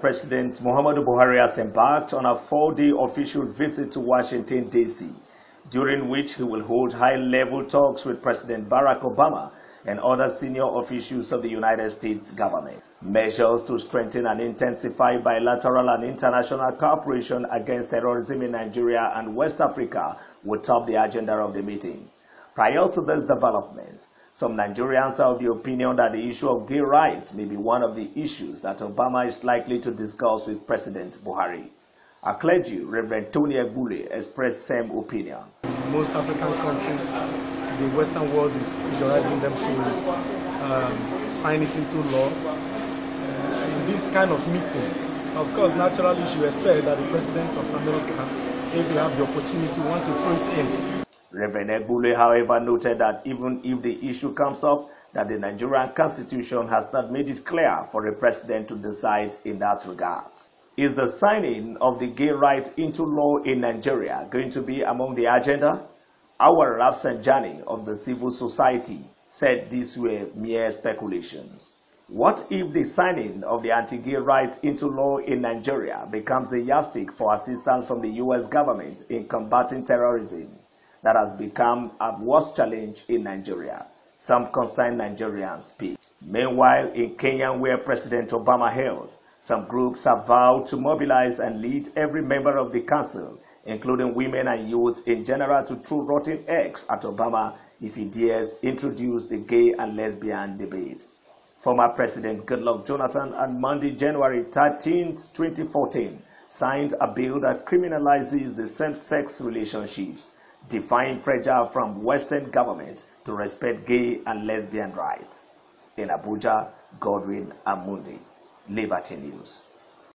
President Muhammadu Buhari has embarked on a four-day official visit to Washington, D.C., during which he will hold high-level talks with President Barack Obama and other senior officials of the United States government. Measures to strengthen and intensify bilateral and international cooperation against terrorism in Nigeria and West Africa will top the agenda of the meeting. Prior to these developments, some Nigerians are of the opinion that the issue of gay rights may be one of the issues that Obama is likely to discuss with President Buhari. A clergy, Reverend Tony Egbule, expressed same opinion. Most African countries, the Western world is pressurizing them to um, sign it into law. Uh, in this kind of meeting, of course, naturally, you expect that the President of America, if you have the opportunity, want to throw it in. Reverend Egbule, however, noted that even if the issue comes up, that the Nigerian constitution has not made it clear for a president to decide in that regard. Is the signing of the gay rights into law in Nigeria going to be among the agenda? Our Rafsanjani of the civil society said these were mere speculations. What if the signing of the anti-gay rights into law in Nigeria becomes the yardstick for assistance from the US government in combating terrorism? that has become a worst challenge in Nigeria. Some concerned Nigerians speak. Meanwhile, in Kenya, where President Obama hails, some groups have vowed to mobilize and lead every member of the council, including women and youth in general, to throw rotten eggs at Obama if he dares introduce the gay and lesbian debate. Former President Goodluck Jonathan on Monday, January 13, 2014, signed a bill that criminalizes the same-sex relationships defying pressure from Western governments to respect gay and lesbian rights. In Abuja, Godwin Amundi, Liberty News.